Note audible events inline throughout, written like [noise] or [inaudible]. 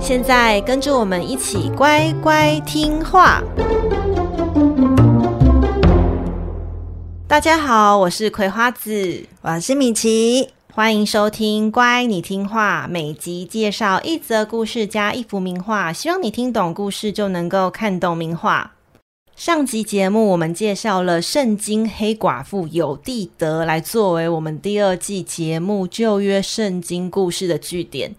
現在跟着我們一起乖乖聽話。大家好，我是葵花子，我是米奇，歡迎收聽《乖，你聽畫》。每集介紹一則故事加一幅名畫，希望你聽懂故事就能夠看懂名畫。上集節目我們介紹了聖經黑寡婦猶地得，來作為我們第二季節目舊約聖經故事的據點。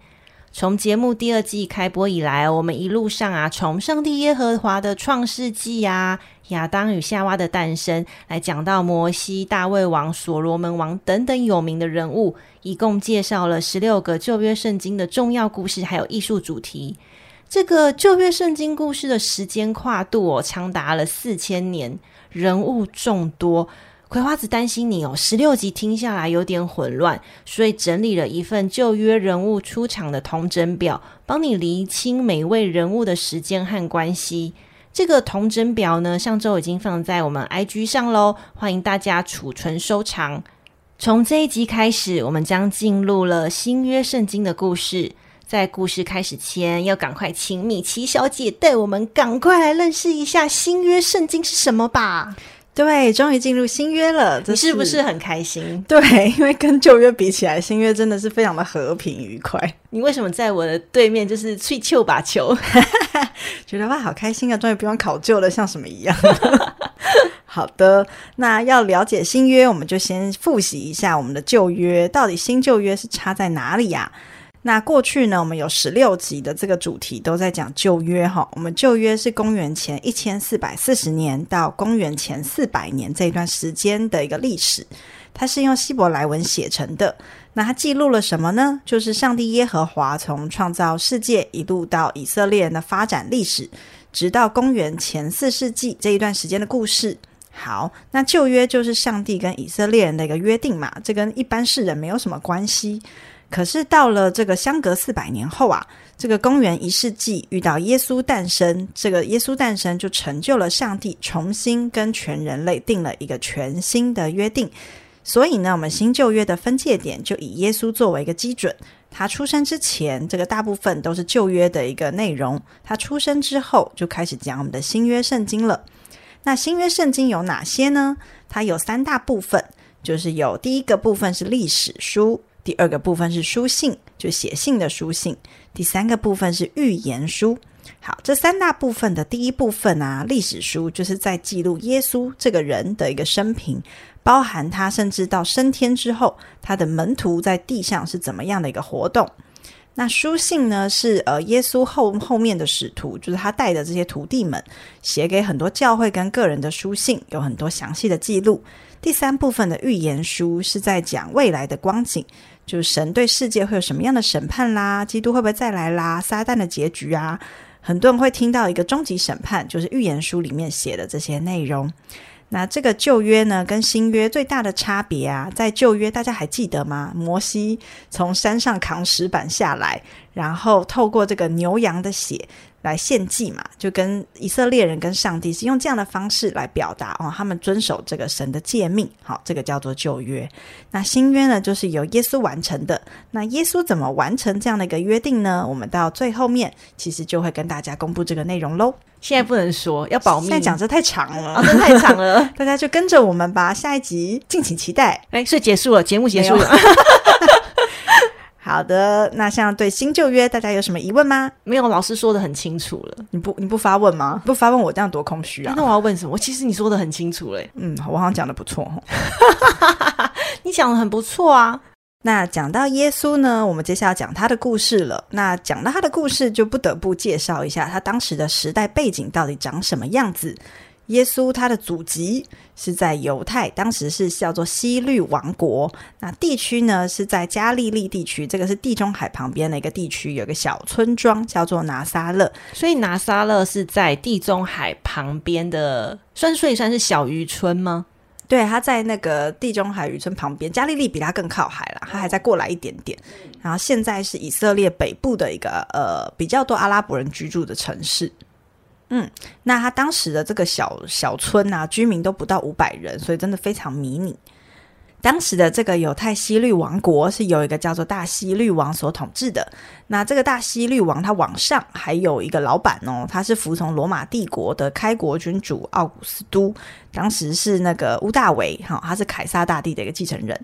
從節目第二季開播以來，我們一路上啊，從上帝耶和華的創世紀啊，亞當與夏娃的誕生，來講到摩西、大衛王、所羅門王等等有名的人物，一共介紹了十六個舊約聖經的重要故事，還有藝術主題。這個舊約聖經故事的時間跨度哦，長達了四千年，人物眾多。葵花子擔心你哦，十六集聽下來有點混亂，所以整理了一份舊約人物出場的統整表，幫你釐清每位人物的時間和關係。這個統整表呢，上周已經放在我們 IG 上嘍，歡迎大家儲存收藏。從這一集開始，我們將進入了新約聖經的故事。在故事開始前，要趕快請米奇小姐帶我們趕快來認識一下新約聖經是什麼吧。對，終於進入新約了，你是不是很開心？對，因為跟舊約比起來，新約真的是非常的和平愉快。你為什麼在我的對面就是去秋把球， [laughs] 覺得哇，好開心啊！終於不用考舊了，像什麼一樣。 [laughs] [laughs] 好的，那要了解新約，我們就先複習一下我們的舊約，到底新舊約是差在哪裡呀，啊？那過去呢？我們有十六集的這個主題都在講舊約哈。我們舊約是公元前一千四百四十年到公元前四百年這一段時間的一個歷史，它是用希伯來文寫成的。那它記錄了什麼呢？就是上帝耶和華從創造世界，一路到以色列人的發展歷史，直到公元前四世紀這一段時間的故事。好，那舊約就是上帝跟以色列人的一個約定嘛，這跟一般世人沒有什麼關係。可是到了這個相隔四百年後啊，這個公元一世紀遇到耶穌誕生，這個耶穌誕生就成就了上帝重新跟全人類定了一個全新的約定。所以呢，我們新舊約的分界點就以耶穌作為一個基準。他出生之前，這個大部分都是舊約的一個內容；他出生之後，就開始講我們的新約聖經了。那新約聖經有哪些呢？它有三大部分，就是有第一個部分是歷史書。第二個部分是書信，就寫信的書信；第三個部分是預言書。好，這三大部分的第一部分啊，歷史書，就是在記錄耶穌這個人的一個生平，包含他甚至到升天之後，他的門徒在地上是怎麼樣的一個活動。那書信呢，是呃耶穌後後面的使徒，就是他帶的這些徒弟們，寫給很多教會跟個人的書信，有很多詳細的記錄。第三部分的預言書是在講未來的光景。就是神對世界會有什麼樣的審判啦？基督會不會再來啦？撒旦的結局啊？很多人會聽到一個終極審判，就是預言書裡面寫的這些內容。那這個舊約呢，跟新約最大的差別啊，在舊約大家還記得嗎？摩西從山上扛石板下來，然後透過這個牛羊的血，來獻祭嘛，就跟以色列人跟上帝是用這樣的方式來表達哦，他們遵守這個神的誡命，好、哦，這個叫做舊約。那新約呢，就是由耶穌完成的。那耶穌怎麼完成這樣的一個約定呢？我們到最後面，其實就會跟大家公布這個內容嘍。現在不能說，要保密、嗯，現在講這太長了，啊、這太長了， [laughs] 大家就跟着我們吧。下一集敬請期待。哎，是結束了，節目結束了。 [laughs] 好的，那像對新舊約，大家有什麼疑問嗎？沒有，老師說的很清楚了。你不你不發問嗎？ [laughs] 不發問，我這樣多空虛啊！欸、那我要問什麼？我其實你說的很清楚嘞。嗯，我好像講的不錯哈。 [laughs] 你講的很不錯啊。那講到耶穌呢，我們接下來講他的故事了。那講到他的故事，就不得不介紹一下他當時的時代背景到底長什麼樣子。耶穌他的祖籍是在猶太，當時是叫做希律王國。那地區呢，是在加利利地區，這個是地中海旁邊的一個地區，有一個小村莊叫做拿撒勒。所以拿撒勒是在地中海旁邊的，算，所以算是小漁村嗎？對，他在那個地中海漁村旁邊，加利利比他更靠海了，他還再過來一點點。Oh. 然後現在是以色列北部的一個呃比較多阿拉伯人居住的城市。嗯，那他當時的這個小小村啊，居民都不到五百人，所以真的非常迷你。當時的這個猶太希律王國是由一個叫做大希律王所統治的。那這個大希律王他往上還有一個老板哦，他是服從羅馬帝國的開國君主奧古斯都，當時是那個屋大維，哦，他是凱撒大帝的一個繼承人。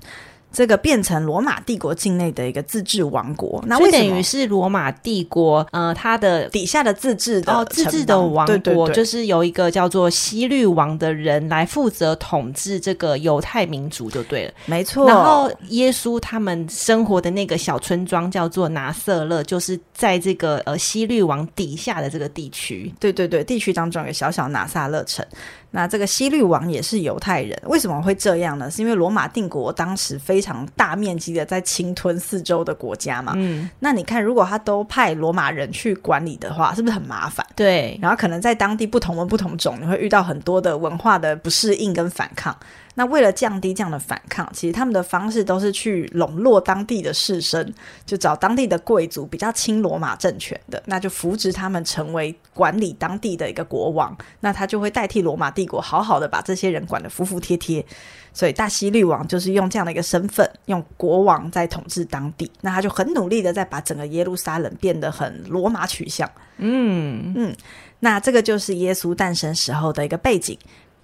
這個變成羅馬帝國境內的一個自治王國，那就等於是羅馬帝國呃，它的底下的自治的、哦、自治的王國，對對對，就是由一個叫做西律王的人來負責統治這個猶太民族就對了，沒錯。然後耶穌他們生活的那個小村莊叫做拿撒勒，就是在這個呃西律王底下的這個地區，對對對，地區當中有小小拿撒勒城。那這個希律王也是猶太人，為什麼會這樣呢？是因為羅馬帝國當時非常大面積的在侵吞四周的國家嘛。嗯，那你看，如果他都派羅馬人去管理的話，是不是很麻煩？對。然後可能在當地不同文不同種，你會遇到很多的文化的不適應跟反抗。那為了降低這樣的反抗，其實他們的方式都是去籠絡當地的士紳，就找當地的貴族比較親羅馬政權的，那就扶植他們成為管理當地的一個國王。那他就會代替羅馬帝。帝國好好的把這些人管得服服帖帖，所以大希律王就是用這樣的一個身份，用國王在統治當地，那他就很努力的在把整個耶路撒冷變得很羅馬取向。嗯嗯，那這個就是耶穌誕生時候的一個背景。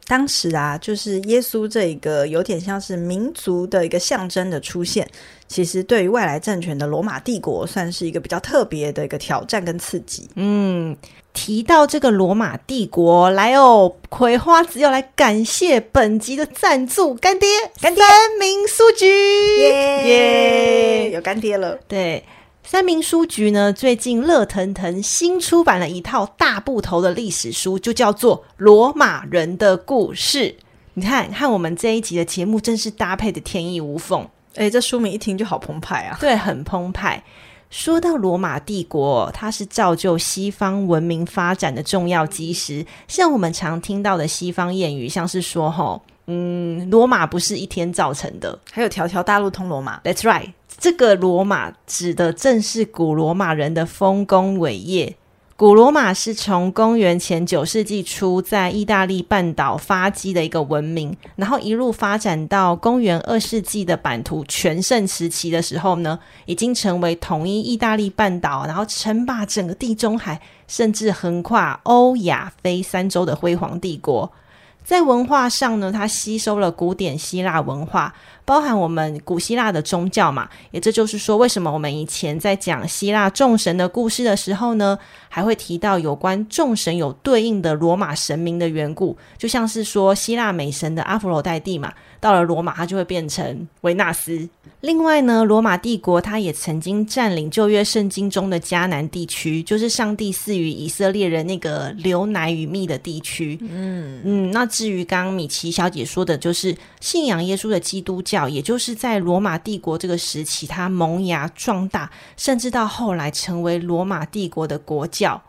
當時啊，就是耶穌這一個有點像是民族的一個象徵的出現，其實對於外來政權的羅馬帝國，算是一個比較特別的一個挑戰跟刺激。嗯，提到這個羅馬帝國來哦，葵花子要來感謝本集的贊助乾爹，乾爹，三民書局耶，yeah, 有乾爹了，對。三民書局呢，最近熱騰騰新出版了一套大部頭的歷史書，就叫做《羅馬人的故事》。你看看我們這一集的節目，真是搭配得天衣無縫。哎、欸，這書名一聽就好澎湃啊！對，很澎湃。說到羅馬帝國，它是造就西方文明發展的重要基石。像我們常聽到的西方諺語，像是說“齁，嗯，羅馬不是一天造成的”，還有“條條大路通羅馬”。That's right，這個“羅馬”指的正是古羅馬人的豐功偉業。古羅馬是從公元前九世紀初在意大利半島發跡的一個文明，然後一路發展到公元二世紀的版圖全盛時期的時候呢，已經成為統一意大利半島，然後稱霸整個地中海，甚至橫跨歐亞非三洲的輝煌帝國。在文化上呢，它吸收了古典希臘文化。包含我們古希臘的宗教嘛，也這就是說，為什麼我們以前在講希臘眾神的故事的時候呢，還會提到有關眾神有對應的羅馬神明的緣故。就像是說希臘美神的阿佛羅代蒂嘛，到了羅馬，它就會變成維納斯。另外呢，羅馬帝國，它也曾經佔領舊約聖經中的迦南地區，就是上帝賜予以色列人那個流奶與蜜的地區。嗯嗯，那至於剛剛米奇小姐說的，就是信仰耶穌的基督教。也就是在羅馬帝國這個時期，他萌芽壯大，甚至到後來成為羅馬帝國的國教。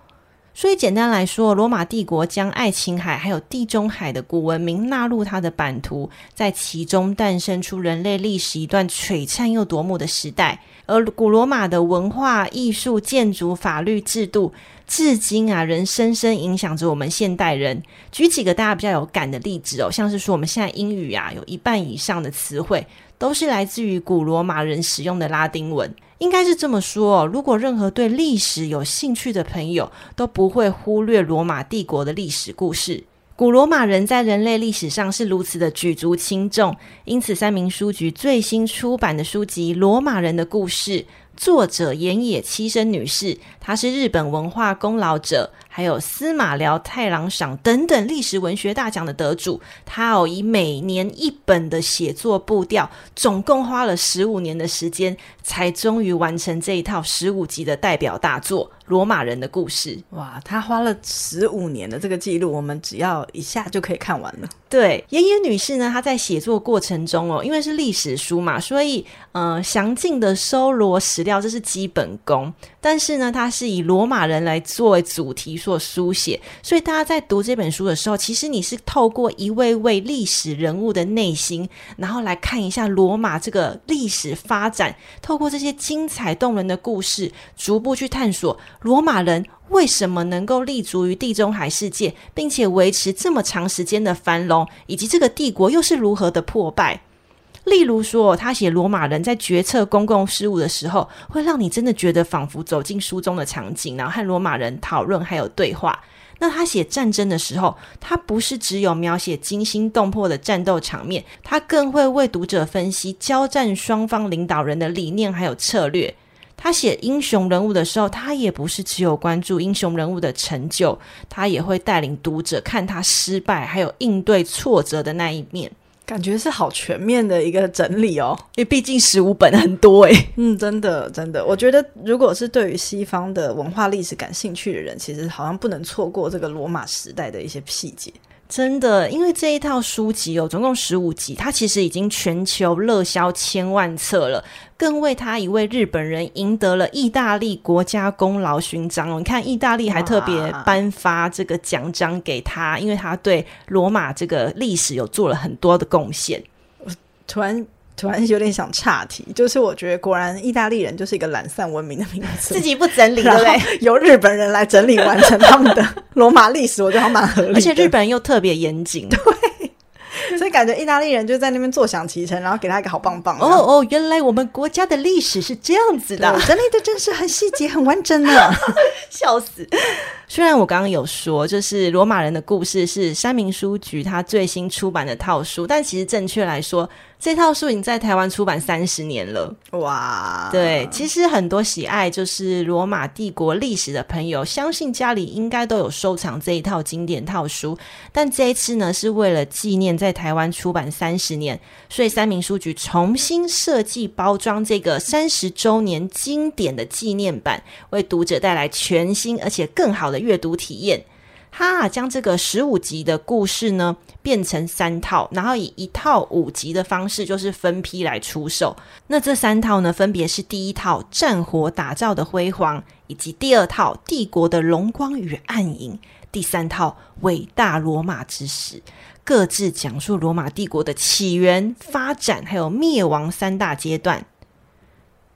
所以簡單來說，羅馬帝國將愛琴海還有地中海的古文明納入它的版圖，在其中誕生出人類歷史一段璀璨又奪目的時代。而古羅馬的文化、藝術、建築、法律制度，至今啊仍深深影響着我們現代人。舉幾個大家比較有感的例子哦，像是說我們現在英語啊，有一半以上的詞彙都是來自於古羅馬人使用的拉丁文。應該是這麼說哦。如果任何對歷史有興趣的朋友，都不會忽略羅馬帝國的歷史故事。古羅馬人在人類歷史上是如此的舉足輕重，因此三民書局最新出版的書籍《羅馬人的故事》，作者塩野七生女士，她是日本文化功勞者。還有司馬遼太郎賞等等歷史文學大獎的得主，他哦以每年一本的寫作步調，總共花了十五年的時間，才終於完成這一套十五集的代表大作。羅馬人的故事，哇！他花了十五年的這個記錄，我們只要一下就可以看完了。對，塩野女士呢，她在寫作過程中哦、喔，因為是歷史書嘛，所以呃，詳盡的收羅史料，這是基本功。但是呢，她是以羅馬人來作為主題所書寫，所以大家在讀這本書的時候，其實你是透過一位位歷史人物的內心，然後來看一下羅馬這個歷史發展，透過這些精彩動人的故事，逐步去探索。羅馬人為什麼能夠立足於地中海世界，並且維持這麼長時間的繁榮？以及這個帝國又是如何的破敗？例如說，他寫羅馬人在決策公共事務的時候，會讓你真的覺得仿佛走進書中的場景，然後和羅馬人討論還有對話。那他寫戰爭的時候，他不是只有描寫驚心動魄的戰鬥場面，他更會為讀者分析交戰雙方領導人的理念還有策略。他寫英雄人物的時候，他也不是只有關注英雄人物的成就，他也會帶領讀者看他失敗，還有應對挫折的那一面，感覺是好全面的一個整理哦。因為畢竟十五本很多誒， [laughs] 嗯，真的真的，我覺得如果是對於西方的文化歷史感興趣的人，其實好像不能錯過這個羅馬時代的一些細節。真的，因為這一套書籍哦，總共十五集，它其實已經全球熱銷千萬冊了，更為他一位日本人贏得了意大利國家功勞勳章哦。你看，意大利還特別頒發這個獎章給他，因為他對羅馬這個歷史有做了很多的貢獻。我突然。突然有點想岔題，就是我覺得果然意大利人就是一個懶散文明的名字， [laughs] 自己不整理對不對？由日本人來整理完成他們的羅馬歷史，我覺得還蠻合理。而且日本人又特別嚴謹，對，所以感覺意大利人就在那邊坐享其成，然後給他一個好棒棒。哦哦，oh, oh, 原來我們國家的歷史是這樣子的，整理的真是很細節很完整的， [laughs] 笑死！雖然我剛剛有說，就是羅馬人的故事是三民書局它最新出版的套書，但其實正確來說。這套書已經在台灣出版三十年了，哇！對，其實很多喜愛就是羅馬帝國歷史的朋友，相信家裡應該都有收藏這一套經典套書。但這一次呢，是為了紀念在台灣出版三十年，所以三民書局重新設計包裝這個三十周年經典的紀念版，為讀者帶來全新而且更好的閱讀體驗。他、啊、將這個十五集的故事呢，變成三套，然後以一套五集的方式，就是分批來出售。那這三套呢，分別是第一套《戰火打造的輝煌》，以及第二套《帝國的榮光與暗影》，第三套《偉大羅馬之史》，各自講述羅馬帝國的起源、發展還有滅亡三大階段。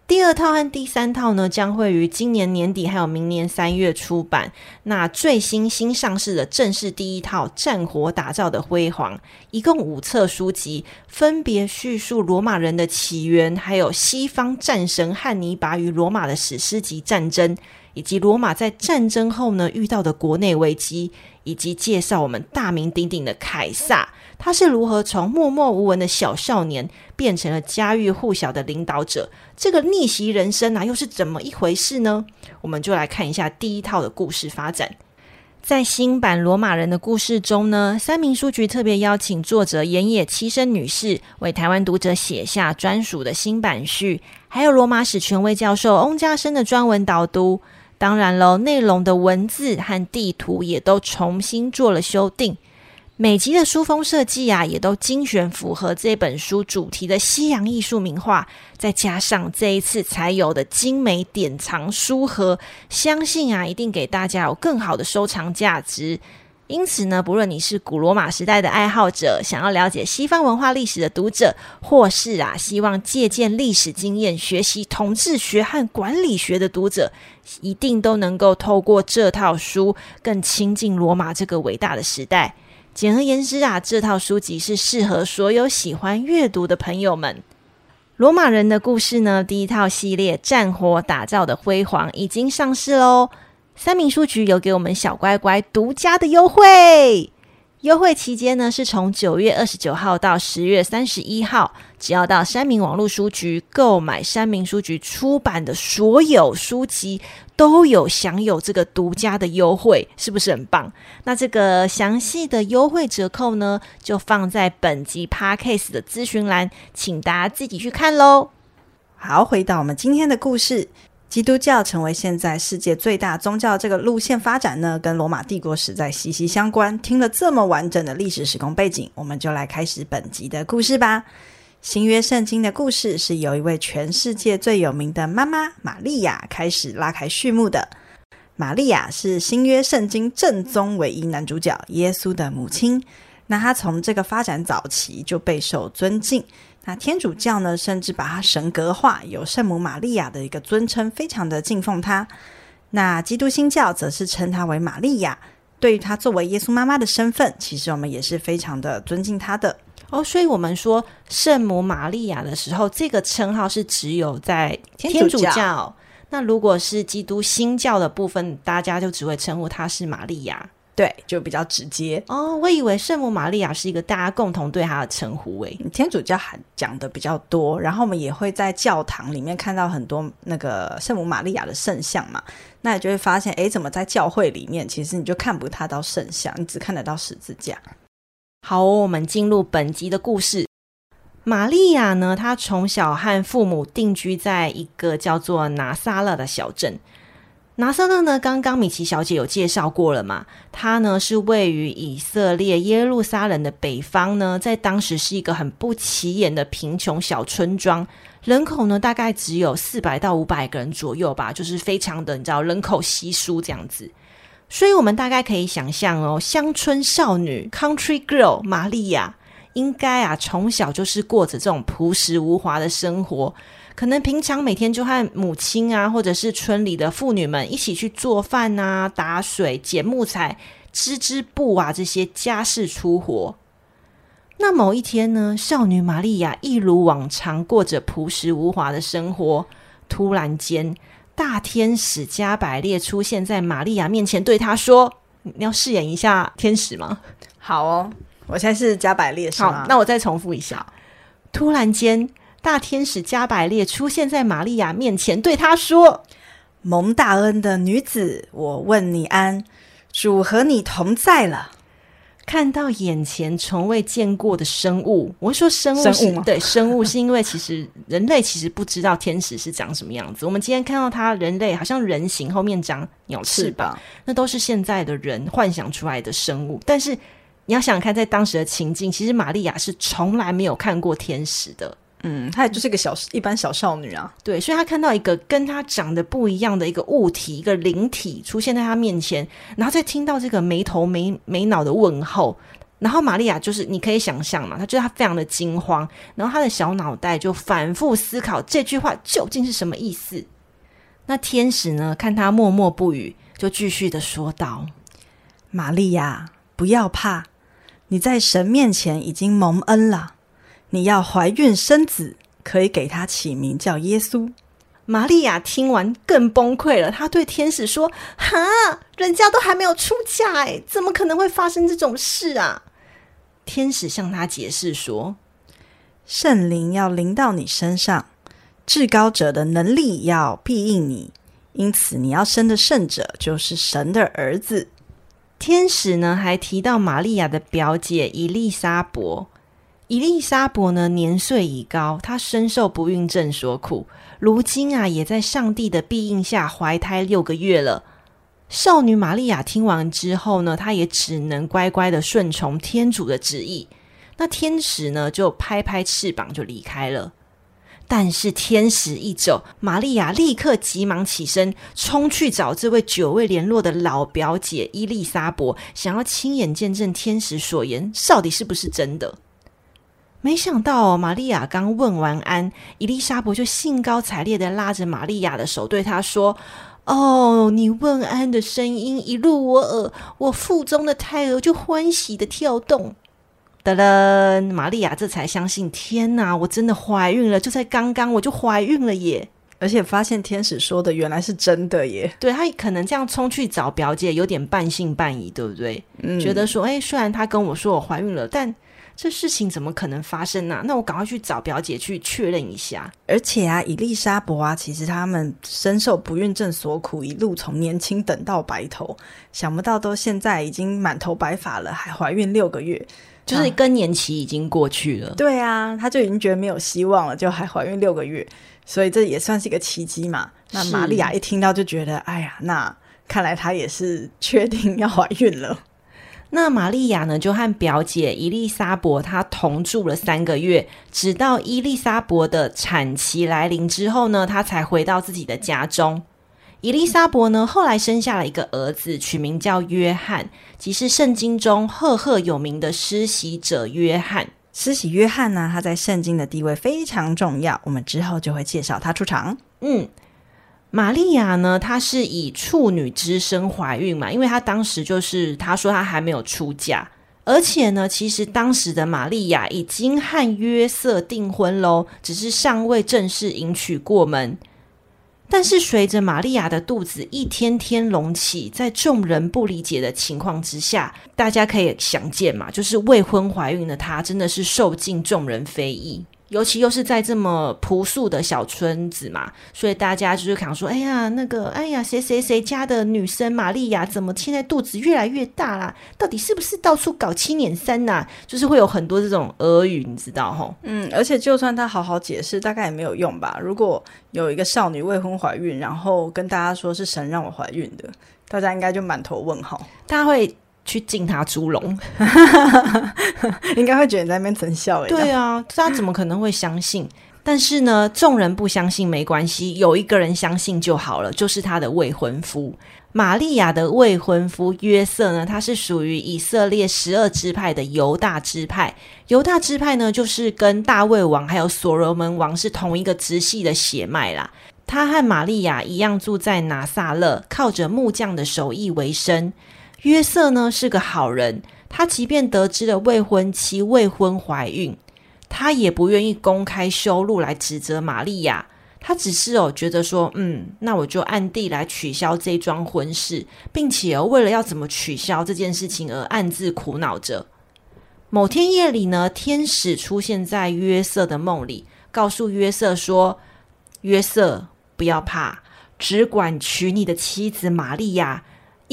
第二套和第三套呢，將會於今年年底還有明年三月出版。那最新新上市的正是第一套《戰火打造的輝煌》，一共五冊書籍，分別敘述羅馬人的起源，還有西方戰神漢尼拔與羅馬的史詩級戰爭，以及羅馬在戰爭後呢，遇到的國內危機，以及介紹我們大名鼎鼎的凱撒。他是如何從默默無聞的小少年，變成了家喻戶曉的領導者？這個逆襲人生啊，又是怎麼一回事呢？我們就來看一下第一套的故事發展。在新版《羅馬人的故事》中呢，三民書局特別邀請作者塩野七生女士為台灣讀者寫下專屬的新版序，還有羅馬史權威教授翁家升的專文導讀。當然了，內容的文字和地圖也都重新做了修訂。每集的書封設計啊，也都精選符合這本書主題的西洋藝術名畫，再加上這一次才有的精美典藏書盒，相信啊，一定給大家有更好的收藏價值。因此呢，不論你是古羅馬時代的愛好者，想要了解西方文化歷史的讀者，或是啊，希望借鑑歷史經驗、學習統治學和管理學的讀者，一定都能夠透過這套書更親近羅馬這個偉大的時代。簡而言之啊，這套書籍是適合所有喜歡閱讀的朋友們。羅馬人的故事呢，第一套系列《戰火打造的輝煌》已經上市嘍！三民書局有給我們小乖乖獨家的優惠。優惠期間呢，是從九月二十九號到十月三十一號，只要到三民網絡書局購買三民書局出版的所有書籍，都有享有這個獨家的優惠，是不是很棒？那這個詳細的優惠折扣呢，就放在本集 Podcast 的資訊欄，請大家自己去看嘍。好，回到我們今天的故事。基督教成為現在世界最大宗教，這個路線發展呢，跟羅馬帝國實在息息相關。聽了這麼完整的歷史時空背景，我們就來開始本集的故事吧。新約聖經的故事是由一位全世界最有名的媽媽瑪利亞開始拉開序幕的。瑪利亞是新約聖經正宗唯一男主角耶穌的母親，那她從這個發展早期就備受尊敬。那天主教呢，甚至把她神格化，有聖母瑪利亞的一個尊稱，非常的敬奉她。那基督新教則是稱她為瑪利亞，對於她作為耶穌媽媽的身份，其實我們也是非常的尊敬她的哦。所以，我們說聖母瑪利亞的時候，這個稱號是只有在天主，天主教。那如果是基督新教的部分，大家就只會稱呼她是瑪利亞。對，就比較直接哦。Oh, 我以為聖母瑪利亞是一個大家共同對她的稱呼，哎，天主教還講得比較多。然後我們也會在教堂裡面看到很多那個聖母瑪利亞的聖像嘛。那你就會發現，哎，怎麼在教會裡面，其實你就看不太到聖像，你只看得到十字架。好哦，我們進入本集的故事。瑪利亞呢，她從小和父母定居在一個叫做拿撒勒的小鎮。拿撒勒呢，剛剛米奇小姐有介紹過了嘛。它呢，是位於以色列耶路撒冷的北方呢，在當時是一個很不起眼的貧窮小村莊，人口呢大概只有四百到五百個人左右吧，就是非常的你知道人口稀疏這樣子。所以，我們大概可以想象哦，鄉村少女 （country girl） 瑪利亞應該啊從小就是過着這種樸實無華的生活。可能平常每天就和母親啊，或者是村裡的婦女們一起去做飯啊、打水、剪木材、織織布啊這些家事粗活。那某一天呢，少女瑪利亞一如往常過着樸實無華的生活。突然間，大天使加百列出現在瑪利亞面前，對她說：“你要飾演一下天使嗎？”“好哦，我現在是加百列是嗎？”“好，那我再重複一下。”突然間。大天使加百列出現在瑪利亞面前，對他說：“蒙大恩的女子，我問你安，主和你同在了。”看到眼前從未見過的生物，我會說生物是，生物嗎？對，生物是因為其實人類其實不知道天使是長什麼樣子。 [laughs] 我們今天看到他，人類好像人形，後面長鳥翅膀，那都是現在的人幻想出來的生物。但是你要想想看，在當時的情境，其實瑪利亞是從來沒有看過天使的。嗯，她也就是一個小、嗯、一般小少女啊，對，所以她看到一個跟她長得不一樣的一個物體，一個靈體出現在她面前，然後再聽到這個沒頭沒沒腦的問候，然後馬利亞就是你可以想象嘛，她覺得她非常的驚慌，然後她的小腦袋就反覆思考這句話究竟是什麼意思。那天使呢，看他默默不語，就繼續的說道：“馬利亞，不要怕，你在神面前已經蒙恩了。”你要懷孕生子，可以給他起名叫耶穌。瑪利亞聽完更崩潰了，她對天使說：“哈，人家都還沒有出嫁，哎，怎麼可能會發生這種事啊？”天使向她解釋說：“聖靈要臨到你身上，至高者的能力要庇蔭你，因此你要生的聖者就是神的兒子。”天使呢還提到瑪利亞的表姐以利沙伯。伊麗莎伯呢，年歲已高，她深受不孕症所苦。如今啊，也在上帝的庇蔭下懷胎六個月了。少女瑪利亞聽完之後呢，她也只能乖乖的順從天主的旨意。那天使呢，就拍拍翅膀就離開了。但是天使一走，瑪利亞立刻急忙起身，衝去找這位久未聯絡的老表姐伊麗莎伯，想要親眼見證天使所言到底是不是真的。沒想到、哦，瑪麗亞剛問完安，伊麗莎白就興高采烈的拉着瑪麗亞的手，對她說：“哦，你問安的聲音一入我耳、呃，我腹中的胎兒就歡喜的跳動。”得嘞，瑪麗亞這才相信，天哪，我真的懷孕了！就在剛剛，我就懷孕了耶！而且發現天使說的原來是真的耶。對她可能這樣衝去找表姐，有點半信半疑，對不對？嗯、覺得說，哎，雖然她跟我說我懷孕了，但……這事情怎麼可能發生呢、啊？那我趕快去找表姐去確認一下。而且啊，伊麗莎伯啊，其實他們深受不孕症所苦，一路從年輕等到白頭，想不到都現在已經滿頭白髮了，還懷孕六個月，就是更年期已經過去了。啊對啊，她就已經覺得沒有希望了，就還懷孕六個月，所以這也算是一個奇蹟嘛。那瑪利亞一聽到就覺得，哎呀，那看來她也是確定要懷孕了。那馬利亞呢，就和表姐伊麗莎伯她同住了三個月，直到伊麗莎伯的產期來臨之後呢，她才回到自己的家中。伊麗莎伯呢，後來生下了一個兒子，取名叫約翰，即是聖經中赫赫有名的施洗者約翰。施洗約翰呢，他在聖經的地位非常重要，我們之後就會介紹他出場。嗯。馬利亞呢？她是以處女之身懷孕嘛？因為她當時就是她說她還沒有出嫁，而且呢，其實當時的馬利亞已經和約瑟訂婚咯，只是尚未正式迎娶過門。但是隨着馬利亞的肚子一天天隆起，在眾人不理解的情況之下，大家可以想見嘛，就是未婚懷孕的她，真的是受盡眾人非議。尤其又是在這麼樸素的小村子嘛，所以大家就是想說：“哎呀，那個，哎呀，誰誰誰家的女生瑪利亞，怎麼現在肚子越來越大啦？到底是不是到處搞七捻三吶？就是會有很多這種俄語，你知道吼。”嗯，而且就算她好好解釋，大概也沒有用吧。如果有一個少女未婚懷孕，然後跟大家說是神讓我懷孕的，大家應該就滿頭問號，大家會。去敬他豬籠， [laughs] [laughs] 應該會覺得你在那邊成笑耶。對啊，他怎麼可能會相信？ [laughs] 但是呢，眾人不相信沒關係，有一個人相信就好了，就是他的未婚夫。瑪利亞的未婚夫約瑟呢，他是屬於以色列十二支派的猶大支派，猶大支派呢，就是跟大衛王還有所羅門王是同一個直系的血脈啦。他和瑪利亞一樣住在拿撒勒，靠着木匠的手藝為生。約瑟呢，是個好人，他即便得知了未婚妻未婚懷孕，他也不願意公開羞辱來指責瑪利亞。他只是哦，覺得說，嗯，那我就暗地來取消這樁婚事，並且為了要怎麼取消這件事情而暗自苦惱着。某天夜裡呢，天使出現在約瑟的夢裡，告訴約瑟說：“約瑟，不要怕，只管娶你的妻子瑪利亞。”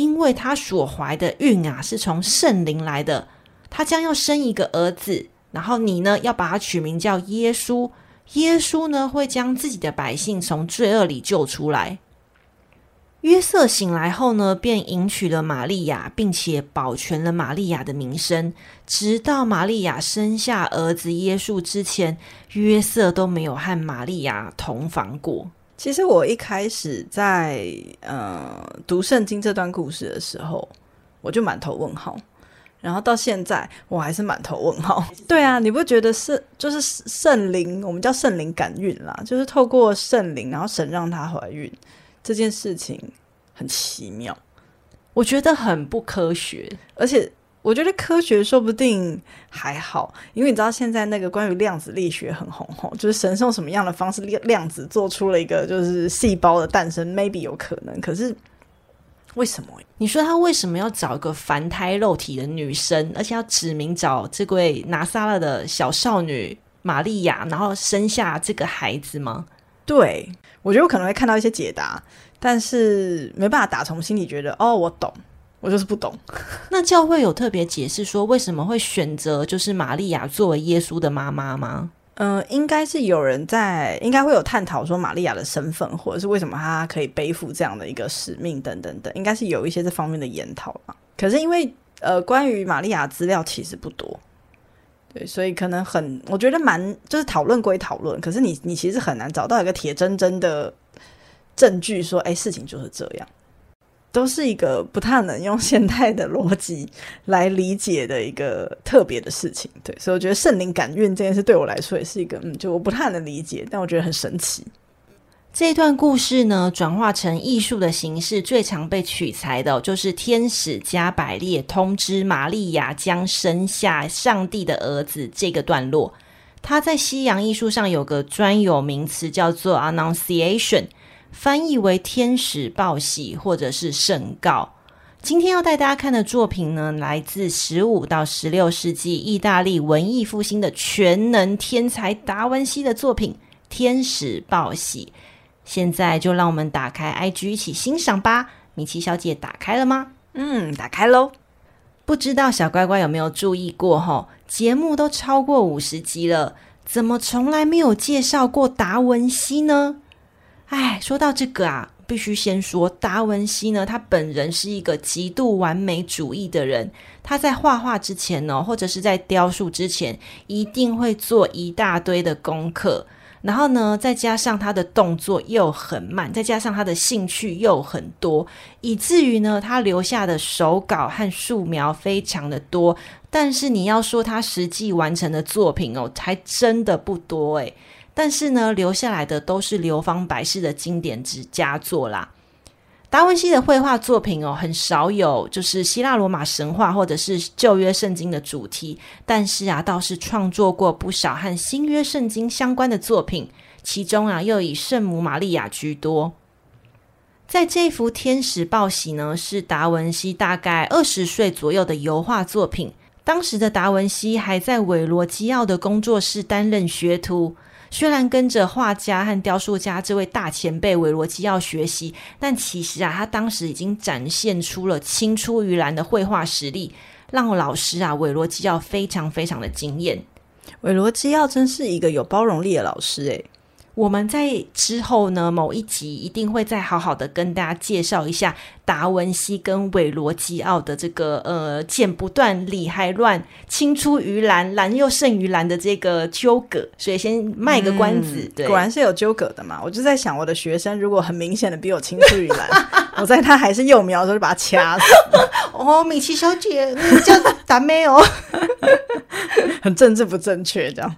因為他所懷的孕啊，是從聖靈來的，他將要生一個兒子，然後你呢，要把他取名叫耶穌。耶穌呢，會將自己的百姓從罪惡裡救出來。約瑟醒來後呢，便迎娶了瑪利亞，並且保全了瑪利亞的名聲，直到瑪利亞生下兒子耶穌之前，約瑟都沒有和瑪利亞同房過。其實我一開始在呃讀聖經這段故事的時候，我就滿頭問號，然後到現在我還是滿頭問號。 [laughs] 對啊，你不覺得是，就是聖靈，我們叫聖靈感孕啦，就是透過聖靈，然後神讓她懷孕這件事情很奇妙，我覺得很不科學，而且。我覺得科學說不定還好，因為你知道現在那個關於量子力學很紅紅，就是神是用什麼樣的方式量子做出了一個就是細胞的誕生，maybe 有可能。可是為什麼你說他為什麼要找一個凡胎肉體的女生，而且要指名找這位拿撒勒的小少女瑪利亞，然後生下這個孩子嗎？對，我覺得我可能會看到一些解答，但是沒辦法打從心裡覺得哦，我懂。我就是不懂， [laughs] 那教會有特別解釋說為什麼會選擇就是瑪利亞作為耶穌的媽媽嗎？嗯、呃，應該是有人在，應該會有探討說瑪利亞的身份，或者是為什麼她可以背負這樣的一個使命等等等，應該是有一些這方面的研討吧。可是因為呃，關於瑪利亞資料其實不多，對，所以可能很，我覺得蠻就是討論歸討論，可是你你其實很難找到一個鐵錚錚的證據說，哎，事情就是這樣。都是一個不太能用現代的邏輯來理解的一個特別的事情，對，所以我覺得聖靈感孕這件事對我來說也是一個，嗯，就我不太能理解，但我覺得很神奇。這段故事呢，轉化成藝術的形式最常被取材的哦，就是天使加百列通知馬利亞將生下上帝的兒子這個段落。他在西洋藝術上有個專有名詞叫做 Annunciation。翻譯為天使報喜，或者是聖告。今天要帶大家看的作品呢，來自十五到十六世紀意大利文藝復興的全能天才達文西的作品《天使報喜》。現在就讓我們打開 IG 一起欣賞吧。米奇小姐打開了嗎？嗯，打開嘍。不知道小乖乖有沒有注意過齁，節目都超過五十集了，怎麼從來沒有介紹過達文西呢？哎，說到這個啊，必須先說達文西呢，他本人是一個極度完美主義的人。他在畫畫之前呢、哦，或者是在雕塑之前，一定會做一大堆的功課。然後呢，再加上他的動作又很慢，再加上他的興趣又很多，以至於呢，他留下的手稿和素描非常的多。但是你要說他實際完成的作品哦，還真的不多誒、欸。但是呢，留下來的都是流芳百世的經典之佳作啦。達文西的繪畫作品哦，很少有就是希臘羅馬神話或者是舊約聖經的主題，但是啊，倒是創作過不少和新約聖經相關的作品，其中啊，又以聖母瑪利亞居多。在這幅《天使報喜》呢，是達文西大概二十歲左右的油畫作品，當時的達文西還在韋羅基奧的工作室擔任學徒。雖然跟着畫家和雕塑家，這位大前輩維羅基奧學習，但其實啊，他當時已經展現出了青出於藍的繪畫實力，讓老師啊維羅基奧非常非常的驚艷。維羅基奧真是一個有包容力的老師哎、欸。我們在之後呢，某一集一定會再好好的跟大家介紹一下達文西跟韋羅基奧的這個呃剪不斷理還亂青出於藍藍又勝於藍的這個糾葛，所以先賣個關子。嗯、對。果然是有糾葛的嘛！我就在想，我的學生如果很明顯的比我青出於藍， [laughs] 我在他還是幼苗的時候就把他掐了。 [laughs] [laughs] [laughs] 哦，米奇小姐，你叫他達 [laughs] 沒有？ [laughs] 很政治不正確，這樣。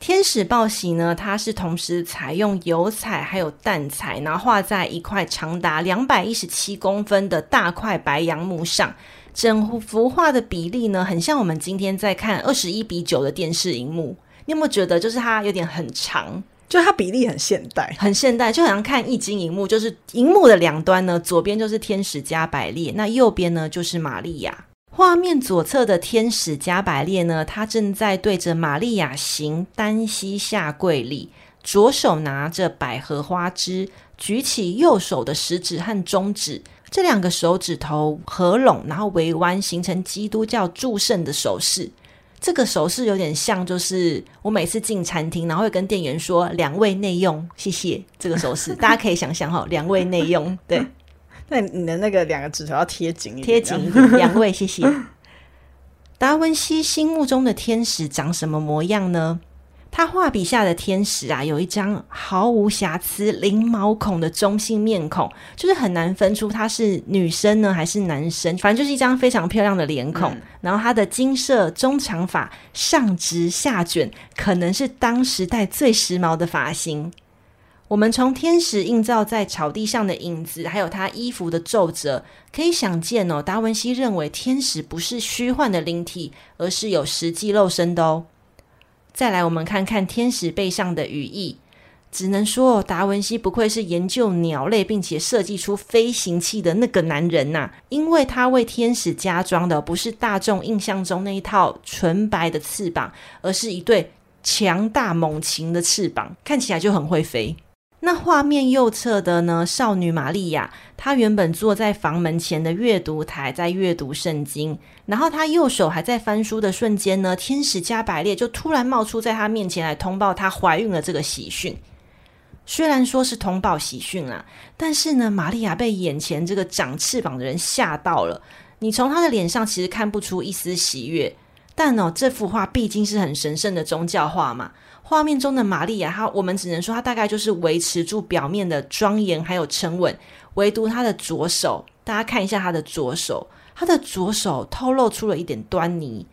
天使報喜呢，它是同時採用油彩還有蛋彩，然後畫在一塊長達兩百一十七公分的大塊白楊木上。整幅畫的比例呢，很像我們今天在看二十一比九的電視熒幕。你有沒有覺得，就是它有點很長，就它比例很現代，很現代，就好像看液晶熒幕，就是熒幕的兩端呢，左邊就是天使加百列，那右邊呢就是瑪利亞。畫面左側的天使加百列呢，他正在對着瑪利亞行單膝下跪禮，左手拿着百合花枝，舉起右手的食指和中指，這兩個手指頭合攏，然後微彎，形成基督教祝聖的手勢。這個手勢有點像，就是我每次進餐廳，然後會跟店員說“兩位內用，謝謝”。這個手勢， [laughs] 大家可以想想哈，“兩位內用”，對。那你的那個兩個指頭要貼緊一點。貼緊一點，兩 [laughs] 位謝謝。達 [laughs] 文西心目中的天使長什麼模樣呢？他畫筆下的天使啊，有一張毫無瑕疵、零毛孔的中性面孔，就是很難分出他是女生呢還是男生。反正就是一張非常漂亮的臉孔，嗯。然後他的金色中長髮上直下捲，可能是當時代最時髦的髮型。我們從天使映照在草地上的影子，還有他衣服的皺褶，可以想見哦。達文西認為天使不是虛幻的靈體，而是有實際肉身的哦。再來，我們看看天使背上的羽翼，只能說哦，達文西不愧是研究鳥類並且設計出飛行器的那個男人吶、啊，因為他為天使加裝的不是大眾印象中那一套純白的翅膀，而是一對強大猛禽的翅膀，看起來就很會飛。那畫面右側的呢，少女馬利亞，她原本坐在房門前的閱讀台，在閱讀聖經，然後她右手還在翻書的瞬間呢，天使加百列就突然冒出在她面前來通報她懷孕了這個喜訊。雖然說是通報喜訊啊，但是呢，馬利亞被眼前這個長翅膀的人嚇到了。你從她的臉上其實看不出一絲喜悅，但哦，這幅畫畢竟是很神聖的宗教畫嘛。畫面中的馬利亞，她我們只能說她大概就是維持住表面的莊嚴還有沉穩，唯獨她的左手，大家看一下她的左手，她的左手透露出了一點端倪。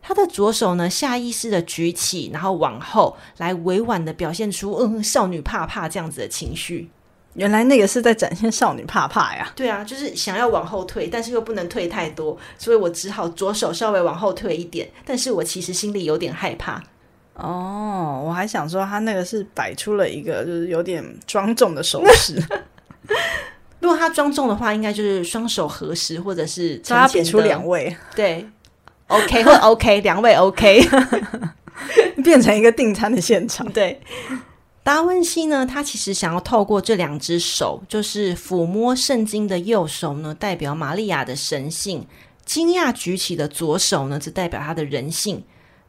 她的左手呢，下意識的舉起，然後往後，來委婉的表現出嗯，少女怕怕這樣子的情緒。原來那個是在展現少女怕怕呀？對啊，就是想要往後退，但是又不能退太多，所以我只好左手稍微往後退一點，但是我其實心裡有點害怕。哦，我還想說，他那個是擺出了一個就是有點莊重的手勢。 [laughs] 如果他莊重的話，應該就是雙手合十，或者是他變出兩位，對，OK 或 OK，兩 [laughs] 位 OK， [laughs] 變成一個訂餐的現場。 [laughs] 對，達文西呢，他其實想要透過這兩只手，就是撫摸聖經的右手呢，代表瑪利亞的神性；驚訝舉起的左手呢，只代表他的人性。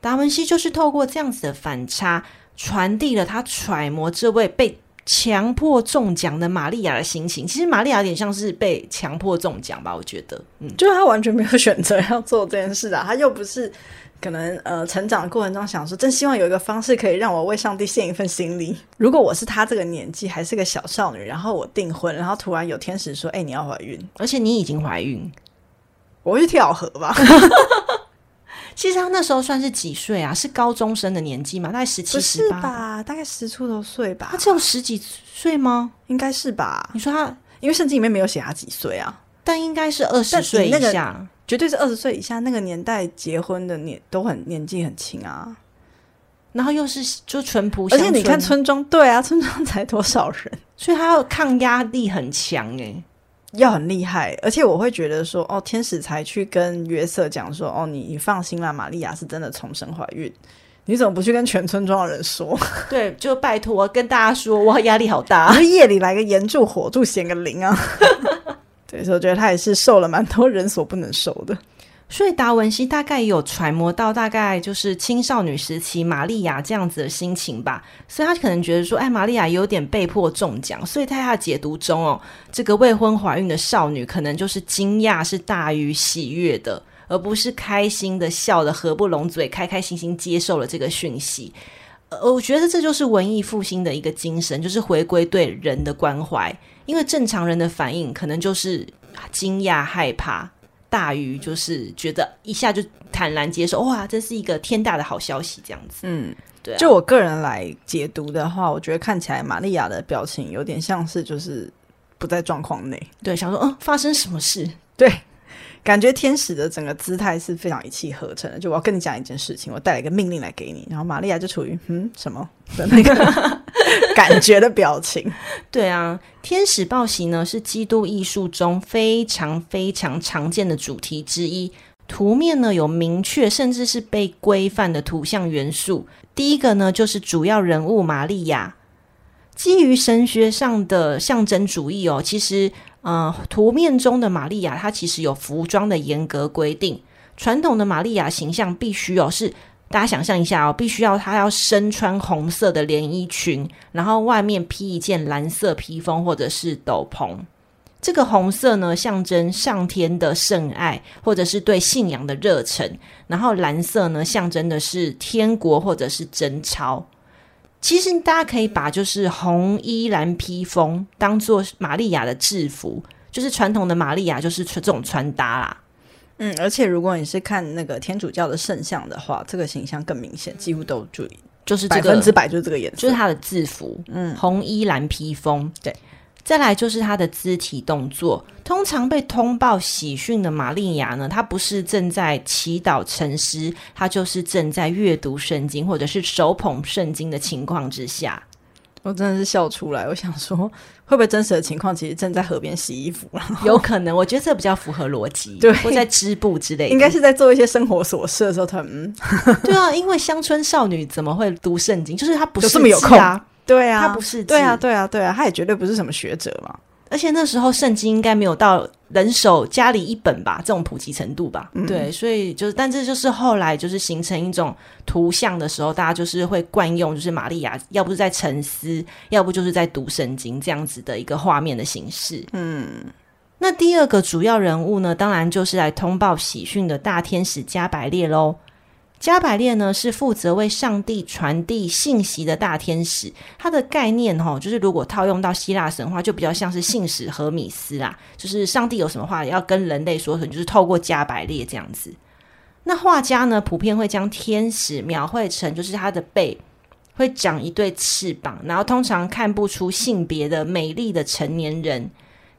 達文西就是透過這樣子的反差，傳遞了他揣摩這位被強迫中獎的瑪利亞的心情。其實瑪利亞有點像是被強迫中獎吧，我覺得，嗯，就是他完全沒有選擇要做這件事啊。他又不是可能呃成長的過程中想說，真希望有一個方式可以讓我為上帝獻一份心力。如果我是他這個年紀，還是個小少女，然後我訂婚，然後突然有天使說：“哎、欸，你要懷孕，而且你已經懷孕，我會去跳河吧。 [laughs] ”其實他那時候算是幾歲啊？是高中生的年紀嘛，大概十七、十八？不是吧？大概十出頭歲吧？他只有十幾歲嗎？應該是吧？你說他，因為聖經裡面沒有寫他幾歲啊？但應該是二十歲以下，那個絕對是二十歲以下。那個年代結婚的年都很年紀很輕啊，然後又是就淳樸，而且你看村莊，對啊，村莊才多少人？所以他要抗壓力很強哎、欸。要很厲害，而且我會覺得說，哦，天使才去跟約瑟講說，哦，你放心啦，瑪利亞是真的聖靈懷孕，你怎麼不去跟全村莊的人說？對，就拜託跟大家說，哇，壓力好大，啊，夜裡來個炎柱火柱顯個靈啊！ [laughs] 對，所以我覺得他也是受了蠻多人所不能受的。所以達文西大概有揣摩到大概就是青少女時期馬利亞這樣子的心情吧，所以他可能覺得說，哎，馬利亞有點被迫中獎，所以在他的解讀中哦，這個未婚懷孕的少女可能就是驚訝是大於喜悅的，而不是開心的笑得合不攏嘴，開開心心接受了這個訊息。呃，我覺得這就是文藝復興的一個精神，就是回歸對人的關懷，因為正常人的反應可能就是驚訝、害怕。大於就是覺得一下就坦然接受，哇，這是一個天大的好消息，這樣子。嗯，對啊。就我個人來解讀的話，我覺得看起來瑪利亞的表情有點像是就是不在狀況內，對，想說嗯，發生什麼事？對，感覺天使的整個姿態是非常一氣呵成的，就我要跟你講一件事情，我帶了一個命令來給你，然後瑪利亞就處於嗯什麼的那個。 [laughs] [laughs] 感覺的表情， [laughs] 對啊，天使報喜呢是基督藝術中非常非常常見的主題之一。圖面呢有明確甚至是被規範的圖像元素。第一個呢就是主要人物瑪利亞，基於神學上的象徵主義哦，其實呃圖面中的瑪利亞她其實有服裝的嚴格規定，傳統的瑪利亞形象必須哦是。大家想象一下哦，必須要他要身穿紅色的連衣裙，然後外面披一件藍色披風或者是斗篷。這個紅色呢，象徵上天的聖愛，或者是對信仰的熱忱。然後藍色呢，象徵的是天國或者是貞操。其實大家可以把就是紅衣藍披風當做馬利亞的制服，就是傳統的馬利亞就是穿這種穿搭啦。嗯，而且如果你是看那個天主教的聖像的話，這個形象更明顯，幾乎都注意，就是百分之百就是這個顏色，就是這個，就是他的制服，嗯，紅衣藍披風，對。再來就是他的肢體動作，通常被通報喜訊的馬利亞呢，她不是正在祈禱沉思，她就是正在閱讀聖經，或者是手捧聖經的情況之下。我真的是笑出來，我想說，會不會真實的情況其實正在河邊洗衣服，然後？有可能，我覺得這比較符合邏輯。對，我在織布之類的，應該是在做一些生活瑣事的時候他。他們，對啊，因為鄉村少女怎麼會讀聖經？就是她不是、啊、這麼有空，對啊，對啊，她不是，對啊，對啊，對啊，她也絕對不是什麼學者嘛。而且那時候聖經應該沒有到人手家裡一本吧，這種普及程度吧。嗯、對，所以就是，但這就是後來就是形成一種圖像的時候，大家就是會慣用，就是瑪利亞要不是在沉思，要不就是在讀聖經這樣子的一個畫面的形式。嗯，那第二個主要人物呢，當然就是來通報喜訊的大天使加百列嘍。加百列呢，是負責為上帝傳遞信息的大天使。它的概念齁，就是如果套用到希臘神話，就比較像是信使荷米斯啦。就是上帝有什麼話要跟人類說什麼，就是透過加百列這樣子。那畫家呢，普遍會將天使描繪成就是他的背會長一對翅膀，然後通常看不出性別的美麗的成年人。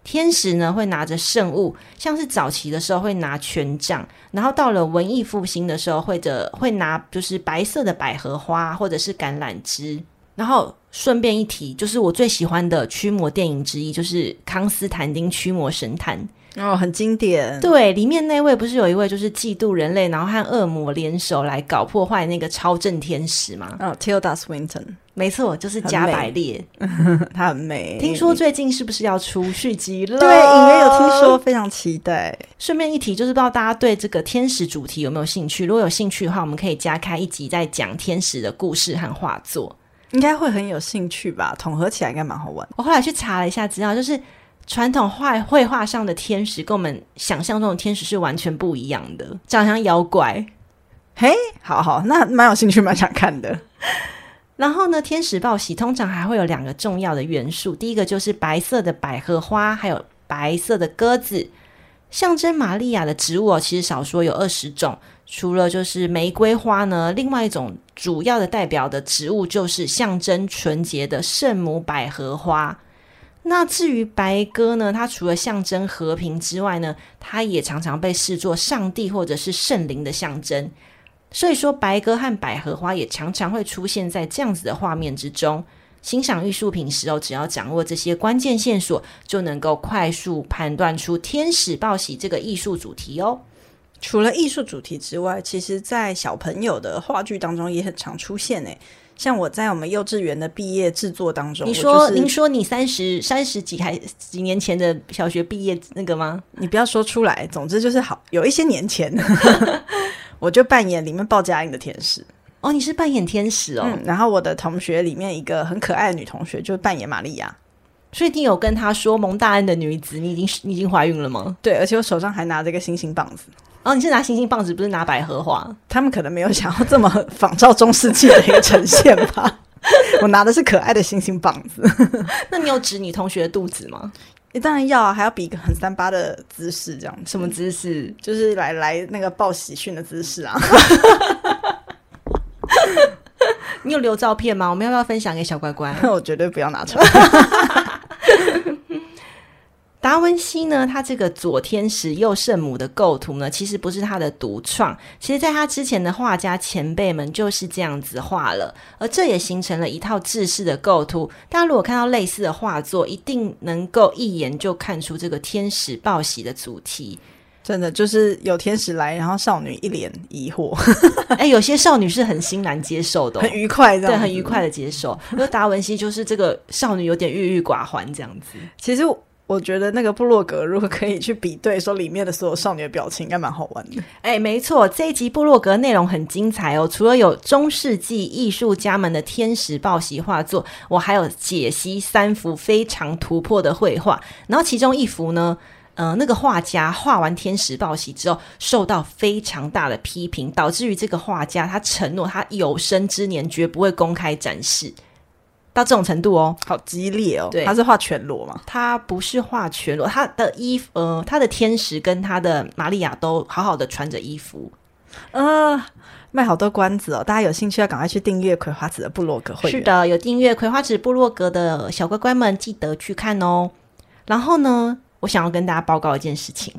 天使呢，會拿着聖物，像是早期的時候會拿權杖，然後到了文藝復興的時候或會，會拿就是白色的百合花或者是橄欖枝。然後順便一提，就是我最喜歡的驅魔電影之一，就是《康斯坦丁驅魔神探》。哦、oh，很經典。對，裡面那位不是有一位就是嫉妒人類，然後和惡魔聯手來搞破壞那個超正天使嗎？啊、oh，Tilda Swinton，沒錯，就是加百列，很 [laughs] 他很美。聽說最近是不是要出續集了？ [laughs] 對，隱約有聽說， [laughs] 非常期待。順便一提，就是不知道大家對這個天使主題有沒有興趣？如果有興趣的話，我們可以加開一集再講天使的故事和畫作，應該會很有興趣吧？統合起來應該蠻好玩。我後來去查了一下，資料就是。傳統畫繪畫上的天使跟我們想象中的天使是完全不一樣的，長相妖怪。嘿，好好，那蠻有興趣，蠻想看的。 [laughs] 然後呢，天使報喜通常還會有兩個重要的元素，第一個就是白色的百合花，還有白色的鴿子，象徵瑪利亞的植物哦，其實少說有二十種，除了就是玫瑰花呢，另外一種主要的代表的植物就是象徵純潔的聖母百合花。那至於白鴿呢？它除了象徵和平之外呢，它也常常被視作上帝或者是聖靈的象徵。所以說，白鴿和百合花也常常會出現在這樣子的畫面之中。欣賞藝術品時哦，只要掌握這些關鍵線索，就能夠快速判斷出“天使報喜”這個藝術主題哦。除了藝術主題之外，其實，在小朋友的話劇當中也很常出現誒。像我在我們幼稚園的畢業製作當中，你說、就是、您說你三十三十幾還幾年前的小學畢業那個嗎？你不要說出來。總之就是好有一些年前， [laughs] [laughs] 我就扮演裡面報佳音的天使。哦，你是扮演天使哦？嗯。然後我的同學裡面一個很可愛的女同學就扮演瑪利亞，所以你有跟她說蒙大恩的女子，你已經你已經懷孕了嗎？對，而且我手上還拿着個星星棒子。哦，你是拿星星棒子，不是拿百合花？他們可能沒有想要這麼仿照中世紀的一個呈現吧。 [laughs] 我拿的是可愛的星星棒子。 [laughs] 那你有指你同學的肚子嗎？欸，當然要啊，還要比一個很三八的姿勢，這樣。什麼姿勢？就是來來那個報喜訊的姿勢啊。 [laughs] [laughs] 你有留照片嗎？我們要不要分享給小乖乖？ [laughs] 我絕對不要拿出來。 [laughs] 達文西呢，他這個左天使右聖母的構圖呢，其實不是他的獨創，其實在他之前的畫家前輩們就是這樣子畫了，而這也形成了一套制式的構圖。大家如果看到類似的畫作，一定能夠一眼就看出這個天使報喜的主題。真的就是有天使來，然後少女一臉疑惑。哎、 [laughs] 欸，有些少女是很欣然接受的、哦，很愉快這樣，對，很愉快的接受。而、嗯、達文西就是這個少女有點鬱鬱寡歡這樣子。其實。我覺得那個部落格如果可以去比對，說裡面的所有少女的表情，應該蠻好玩的。誒，沒錯，這一集部落格內容很精彩哦。除了有中世紀藝術家們的天使報喜畫作，我還有解析三幅非常突破的繪畫。然後其中一幅呢，嗯、呃，那個畫家畫完天使報喜之後，受到非常大的批評，導致於這個畫家他承諾他有生之年絕不會公開展示。到這種程度哦，好激烈哦！對，他是畫全裸嗎？他不是畫全裸，他的衣服，呃，他的天使跟他的瑪利亞都好好的穿着衣服，呃，賣好多關子哦！大家有興趣要趕快去訂閱葵花籽的部落格會員。是的，有訂閱葵花籽部落格的小乖乖們，記得去看哦。然後呢，我想要跟大家報告一件事情，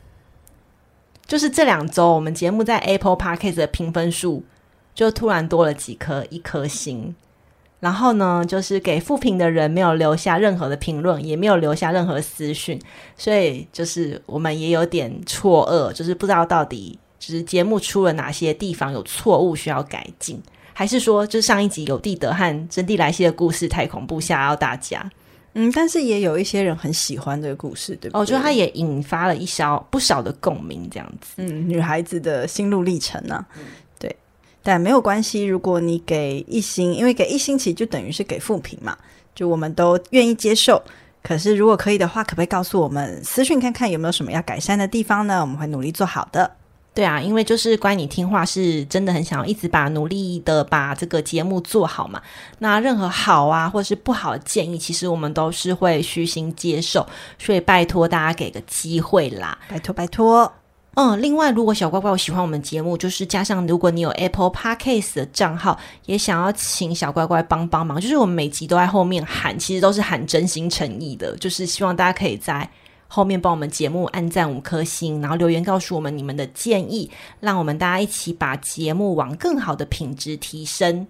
[laughs] 就是這兩週我們節目在 Apple Podcast 的評分數就突然多了幾顆一顆星。然後呢，就是給負評的人沒有留下任何的評論，也沒有留下任何私訊，所以就是我們也有點錯愕，就是不知道到底就是節目出了哪些地方有錯誤需要改進，還是說就上一集有蒂德和真蒂萊西的故事太恐怖嚇到大家？嗯，但是也有一些人很喜歡這個故事，對不對？我覺得他也引發了一少不少的共鳴，這樣子，嗯，女孩子的心路歷程呢、啊。嗯但沒有關係，如果你給一星，因為給一星其實就等於是給負評嘛，就我們都願意接受。可是如果可以的話，可不可以告訴我們私訊看看有沒有什麼要改善的地方呢？我們會努力做好的。對啊，因為就是乖，你聽畫是真的很想要一直把努力的把這個節目做好嘛。那任何好啊或是不好的建議，其實我們都是會虛心接受，所以拜托大家給個機會啦，拜托拜托。嗯，另外，如果小乖乖我喜歡我們節目，就是加上如果你有 Apple Podcast 的賬號，也想要請小乖乖幫，幫幫忙，就是我們每集都在後面喊，其實都是喊真心誠意的，就是希望大家可以在後面幫我們節目按讚五顆星，然後留言告訴我們你們的建議，讓我們大家一起把節目往更好的品質提升。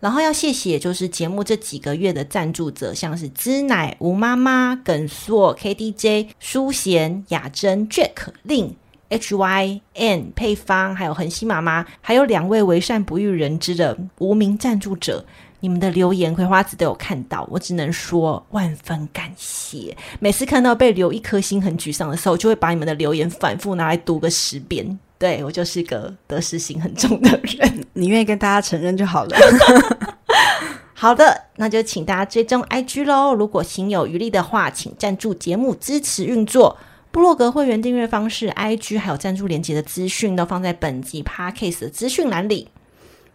然後要謝謝，就是節目這幾個月的贊助者，像是芝奶吳媽媽、耿碩、KDJ、淑賢、雅珍、Jack、Lynn、令。HYN 配方，還有恆心媽媽，還有兩位為善不欲人知的無名贊助者，你們的留言葵花子都有看到，我只能說萬分感謝。每次看到被留一顆心很沮喪的時候，我就會把你們的留言反復拿來讀個十遍。對，我就是個得失心很重的人， [laughs] 你願意跟大家承認就好了。 [laughs] [laughs] 好的，那就請大家追蹤 IG 嘍。如果心有餘力的話，請贊助節目支持運作。布洛格會員訂閱方式、IG 還有贊助連結的資訊，都放在本集 Podcast 的資訊欄裡。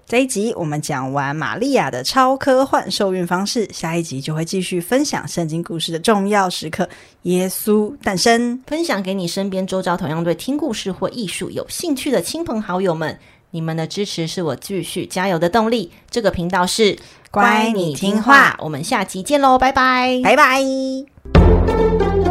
這一集我們講完瑪利亞的超科幻受孕方式，下一集就會繼續分享聖經故事的重要時刻——耶穌誕生。分享給你身邊周遭同樣對聽故事或藝術有興趣的親朋好友們，你們的支持是我繼續加油的動力。這個頻道是乖你，乖你聽畫。我們下期見嘍，拜拜，拜拜。